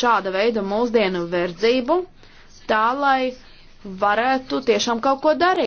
šāda veida mūsdienu verdzību, tā lai varētu tiešām kaut ko darīt.